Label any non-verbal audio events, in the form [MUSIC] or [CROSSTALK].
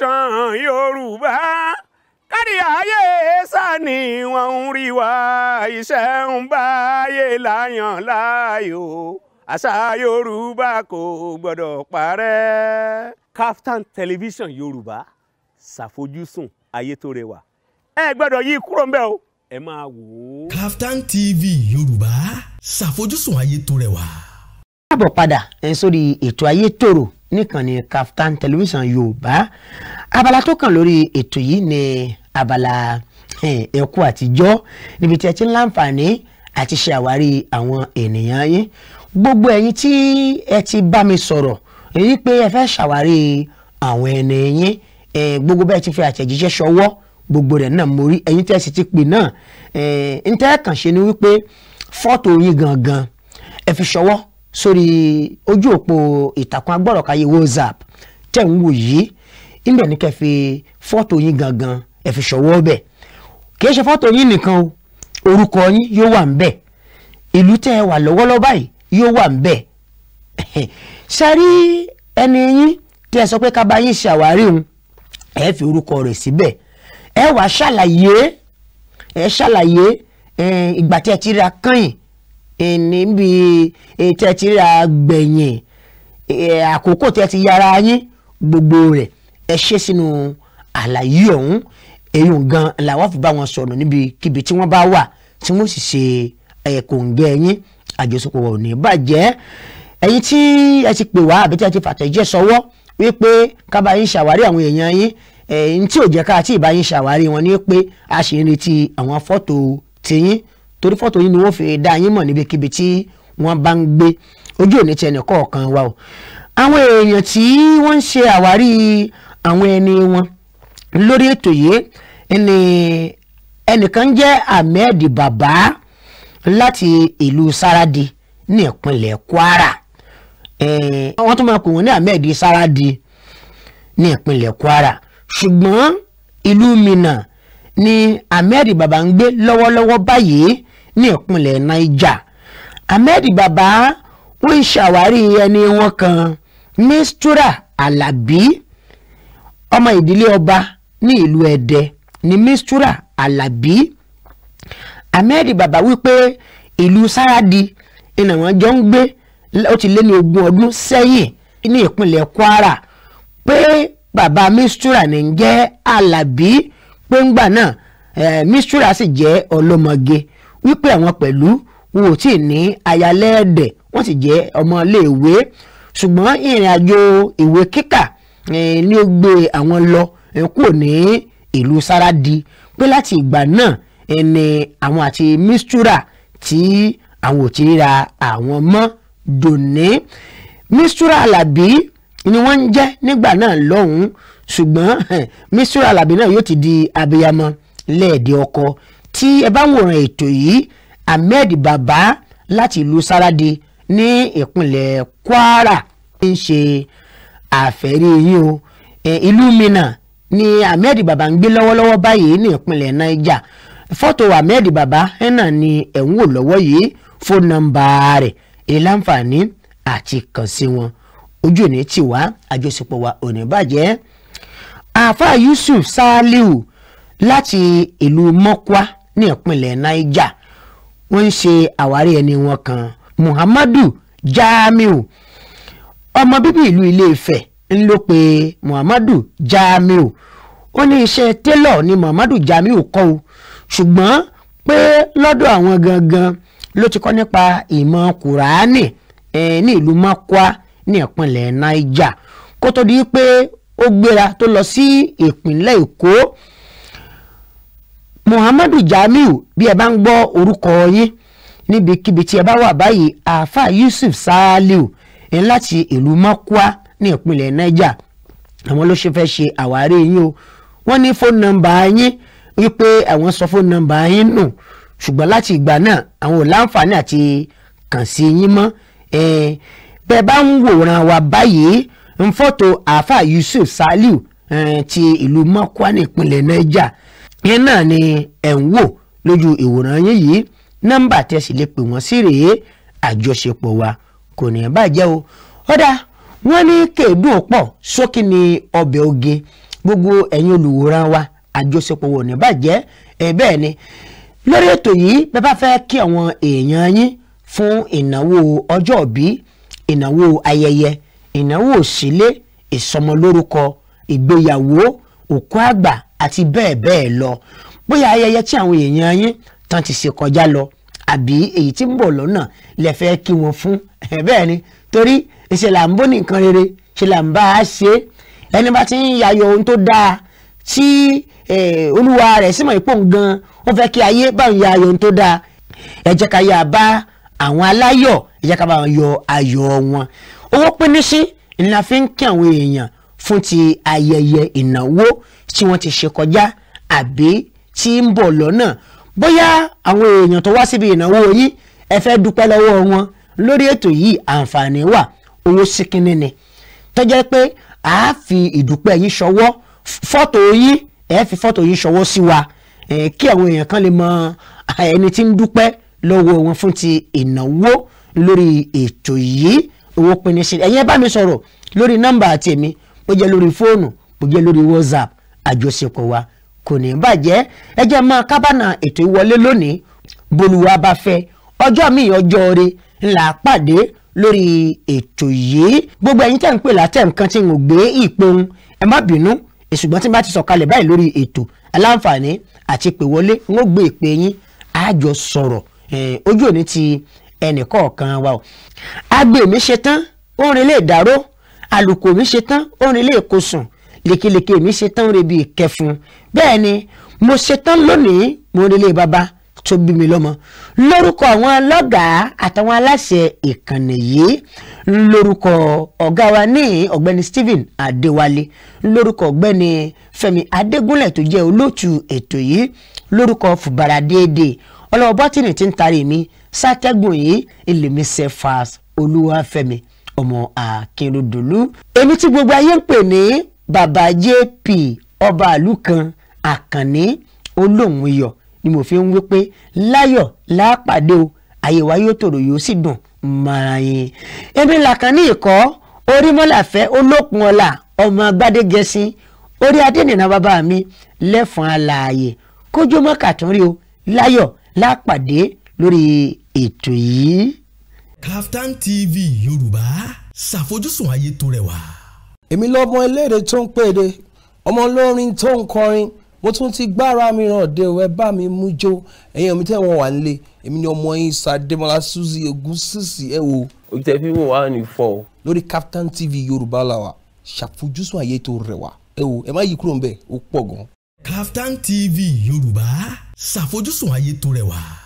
ìtàn yorùbá kárí ayé sani wọn ń rí wa iṣẹ́ ń bá láyàn láàyò àṣà yorùbá kò gbọ́dọ̀ parẹ́. Kaftan television yorùbá ṣàfojúsùn ayé tó rẹwà ẹ gbọ́dọ̀ yí kúrò ń bẹ̀ o ẹ máa wò ó. Kaftan TV yorùbá ṣàfojúsùn ayé tó rẹwà. káàbọ̀ padà ẹ̀ sórí ètò ayé tòrò níkànnì Kaftan television yorùbá abala tó kàn lórí ètò yìí ni abala eh, ẹkú àtijọ́ níbi tí ẹ ti ń láǹfààní àti ṣe àwárí àwọn ènìyàn yín gbogbo ẹ̀yin tí ẹ ti bá mi sọ̀rọ̀ èyí pé ẹ fẹ́ ṣàwárí àwọn ènìyàn yín eh, gbogbo bẹ́ẹ̀ ti fi àtẹ̀jíṣẹ́ ṣọwọ́ gbogbo rẹ̀ náà mo rí ẹ̀yin tẹ́ ẹ sì ti pè náà eh, ntẹ́ kàn ṣe ni wípé fọ́tò yín gangan ẹ fi ṣọwọ́ sórí ojú òpó ìtàkùn agbọ́rọ̀káyé WhatsApp tẹ̀ ń wò yìí ibẹ̀ ní kẹ́ fọ́tò yín gangan ẹ̀ fi ṣọwọ́ bẹ̀ kìí ṣe fọ́tò yín nìkan o orúkọ yín yóò wà ń bẹ̀ ìlú tẹ́ ẹ wà lọ́wọ́lọ́wọ́ báyìí yóò wà ń bẹ̀ [LAUGHS] ṣẹ́rí ẹni yín tí ẹ sọ pé ká yín ṣàwárí òun ẹ fi orúkọ rẹ̀ síbẹ̀ ẹ wàá ṣàlàyé ẹ ṣàlàyé ìgbà tí ẹ ti ra kàn níbi tẹ́tìrà gbẹ̀yìn àkókò tẹ́tì yára yín gbogbo rẹ̀ ẹ ṣe sínú àlàyé ọ̀hún èyí gan làwọn fi bá wọn sọ̀rọ̀ níbi kíbi tí wọ́n bá wà tí wọ́n sì ṣe ẹ̀kọ́ǹgẹ́ yín àjọṣepọ̀ wọn ò ní bàjẹ́ ẹ̀yin tí ẹ ti pè wá àbí tí ẹ ti fàtẹ̀jẹ́ sọwọ́ wípé ká bá yín ṣàwárí àwọn èèyàn yín ẹ̀yin tí ò jẹ́ ká àti ìbá yín ṣàwárí wọn ni pé a ṣì ń retí àwọn fọ́tò tiyín torí fọ́tò yín ni wọ́n fi dá yín mọ̀ níbikíbi tí wọ́n bá ń gbé ojú òní ti ẹnì kọ̀ọ̀kan wa o àwọn èèyàn tí wọ́n ń ṣe àwárí àwọn ẹni wọn lórí ètò yìí ẹni ẹnìkan jẹ́ Ahmed Baba láti ìlú Saradi ní ìpínlẹ̀ Kwara wọ́n tún máa pè wọ́n ní Ahmed Saradi ní ìpínlẹ̀ Kwara ṣùgbọ́n ìlú Minna ni Ahmed Baba ń gbé lọ́wọ́lọ́wọ́ báyìí ní ìpínlẹ̀ Niger Ahmed Baba wọ́n ń ṣàwárí ẹni wọn kan Mistura Alabi ọmọ ìdílé ọba ní ìlú Ẹdẹ ní Mistura Alabi Ahmed Baba wípé ìlú Saradi ìnà wọn jọ ń gbé ó ti lé ní ogún ọdún sẹ́yìn ní ìpínlẹ̀ Kwara pé baba Mistura ní ń jẹ́ Alabi pé náà Mistura sì jẹ́ ọlọ́mọge wípé àwọn pẹ̀lú wọn ò tí ì ní ayálẹ́ẹ̀dẹ̀ wọ́n sì jẹ́ ọmọléèwé ṣùgbọ́n ìrìn àjò ìwé kíkà ni ó gbé àwọn lọ kúrò ní ìlú Saradi pé láti ìgbà náà ẹni àwọn àti mistura tí àwọn ò ti ríra àwọn mọ́ dòní mistura Alabi ni wọ́n ń jẹ́ nígbà náà lọ́hùn ṣùgbọ́n mistura Alabi náà yóò ti di abiyamọ lẹ́ẹ̀dẹ̀ ọkọ tí ẹ bá ń wòran ètò yìí ahmed baba láti ìlú sáradì ní ìpínlẹ̀ kwara ń ṣe àfẹ́rí yín o ìlú mina ni ahmed baba ń gbé lọ́wọ́lọ́wọ́ báyìí ní ìpínlẹ̀ niger fọ́tò ahmed baba ẹ̀nà ni ẹ̀ ń wò lọ́wọ́ yìí fóònù nọ́mbà rẹ̀ èyí láǹfààní àti kàn sí wọn ojú òní tì wá àjọṣepọ̀ wa òní bàjẹ́ àáfàá yusuf saliu láti ìlú mọ́kwá ní ìpínlẹ̀ Niger wọ́n ń ṣe àwárí ẹni wọn kan Muhammadu Jamiu ọmọ bíbí ìlú Ilé-Ifẹ̀ ń ló pe Muhammadu Jamiu ó ní iṣẹ́ télọ̀ ni Muhammadu Jamiu kọ́ o ṣùgbọ́n pé lọ́dọ̀ àwọn gangan ló ti kọ́ nípa ìmọ̀ Kùránì ní ìlú Makwa ní ìpínlẹ̀ Niger kó tó di pé ó gbéra tó lọ sí ìpínlẹ̀ Èkó muhammadu jamiu bí ẹ bá ń gbọ́ orúkọ yín níbikíbi tí ẹ bá wà báyìí àáfà yusuf saliu ní láti ìlú mọ́kúá ní ìpínlẹ̀ niger àwọn ló ṣe fẹ́ ṣe àwárí yín o wọ́n ní fóònù nọ́mbà yín wípé àwọn sọ fóònù nọ́mbà yín nù ṣùgbọ́n láti ìgbà náà àwọn ò láǹfààní àti kàn sí yín mọ́ bẹ́ẹ̀ bá ń wòran wa báyìí ń fọ́tò àáfà yusuf saliu ti ìlú mọ́kúá ní ìpínlẹ̀ niger yẹn náà ni ẹ̀ ń wò lójú ìwòran yín yìí nọ́mbà tí ẹ sì lè pè wọ́n sí rèé àjọṣepọ̀ wa kò ní ẹ̀ bàjẹ́ o ọ̀dà wọ́n ní kéèdùn pọ̀ sókè ní ọbẹ̀ oge gbogbo ẹ̀yin olùwòran wa àjọṣepọ̀ wọ̀ ní bàjẹ́ ẹ̀ bẹ́ẹ̀ ni lórí ètò yìí bẹ́ẹ̀ bá fẹ́ kí àwọn èèyàn yín fún ìnáwó ọjọ́ ìbí ìnáwó ayẹyẹ ìnáwó òsílé ìsọmọlórúkọ ìgbéyàwó òkú àgbà àti bẹ́ẹ̀ bẹ́ẹ̀ lọ bóyá ayẹyẹ tí àwọn èèyàn yín tán ti ṣe kọjá lọ àbí èyí tí ń bọ̀ lọ́nà lẹ fẹ́ kí wọn fún [LAUGHS] bẹ́ẹ̀ ni torí ṣe là ń bó nìkan rere ṣe là ń bá a ṣe ẹni bá ti ń yayọ ohun tó dáa tí olúwa rẹ̀ sì mọ̀ ipò gan ó fẹ́ kí ayé bá ń yayọ ohun tó dáa ẹ jẹ́ ká yà bá àwọn aláyọ̀ ẹ jẹ́ ká bá wọn yọ ayọ̀ wọn owó pínísí ni la fi ń kí àwọn èèyàn fún ti ayẹyẹ ìnáwó tí wọ́n ti ṣe kọjá àbí tí ń bọ̀ lọ́nà bóyá àwọn èèyàn tó wá síbi ìnáwó yín ẹ fẹ́ dúpẹ́ lọ́wọ́ wọn lórí ètò yìí àǹfààní wà owó síkínní ni tó jẹ́ pé a fi ìdúpẹ́ yín ṣọwọ́ fọ́tò yín ẹ fi fọ́tò yín ṣọwọ́ sí wa kí àwọn èèyàn kan lè mọ ẹni tí ń dúpẹ́ lọ́wọ́ wọn fún ti ìnáwó lórí ètò yìí owó pinni sí ẹ̀yin ẹ bá mi sọ̀rọ̀ lórí nọ́mbà tèmi 0244 bó jẹ́ lórí fóònù bó lórí whatsapp àjọṣepọ̀ wa kò ní bàjẹ́ ẹ jẹ́ máa kábànà ètò ìwọlé lónìí bolùwà bá fẹ́ ọjọ́ míì ọjọ́ rẹ ńlá pàdé lórí ètò yìí gbogbo ẹ̀yin tẹ́ ń pè látẹ̀ nǹkan tí n ò gbé ìpohun ẹ má bínú ṣùgbọ́n tí n bá ti sọ̀kalẹ̀ báyìí lórí ètò aláǹfààní àti pè wọlé n gbé ìpè yín a sọ̀rọ̀ ojú òní ti ẹnì kọ̀ọ̀kan wa o agbèmí ó ń relé ìdáró àlùkò mi ṣe tán ó ń relé èkó sùn lékelèké mi ṣe tán ó ń rebi ìkẹfun bẹ́ẹ̀ ni mo ṣe tán lónìí mo ń relé bàbá tó bí mi lọ́mọ lórúkọ àwọn ọlọ́gàá àtàwọn aláṣẹ ìkànnì yìí lórúkọ ọ̀gá wa ní ọ̀gbẹ́ni Stephen Adéwálé lórúkọ ọ̀gbẹ́ni Fẹ́mi Adégúnlẹ̀ tó jẹ́ olóòtú ètò yìí lórúkọ fùbàrà déédéé ọlọ́wọ́ bọ́tìnì tí ń tarí mi sátẹ́gùn yìí ìlèmísẹ́ fas Olúwafẹ́mi ọmọ akérèdọ́lù èmi tí gbogbo ayé ń pè ní bàbá jp ọba àlù kan àkànní olóhùn iyọ̀ ni mo fi ń wí pé láyọ̀ lápàdé o ayé wa yóò tòrò yóò sì dùn mara yín èmi làkàn ní ìkọ́ orímọ́láfẹ́ olókun ọlá ọmọ agbádégẹṣin orí adénìna bàbá mi lẹ́fọ̀n alààyè kójú mọ́kàtúnrí o láyọ̀ lápàdé lórí ètò yìí. Kaftan TV Yorùbá ṣàfojúsùn ayé tó rẹwà. èmi lọ́mọ eléèrè tó ń pèdè ọmọ olórin tó ń kọrin mo tún ti gbára mi ràn dé ẹ bá mi mú jó ẹ̀yin omi tẹ́ wọn wà nílé èmi ni ọmọ yín Ṣadémọ́lá Suzy Ògúnsìsì ẹ wo. òjìṣẹ́ fífò wà ní fọ́. lórí Kaftan TV Yorùbá la wà ṣàfojúsùn ayé tó rẹwà ẹ wo ẹ má yí kúrò ń bẹ̀ ó pọ̀ gan. Kaftan TV Yorùbá ṣàfojúsùn ayé tó rẹwà.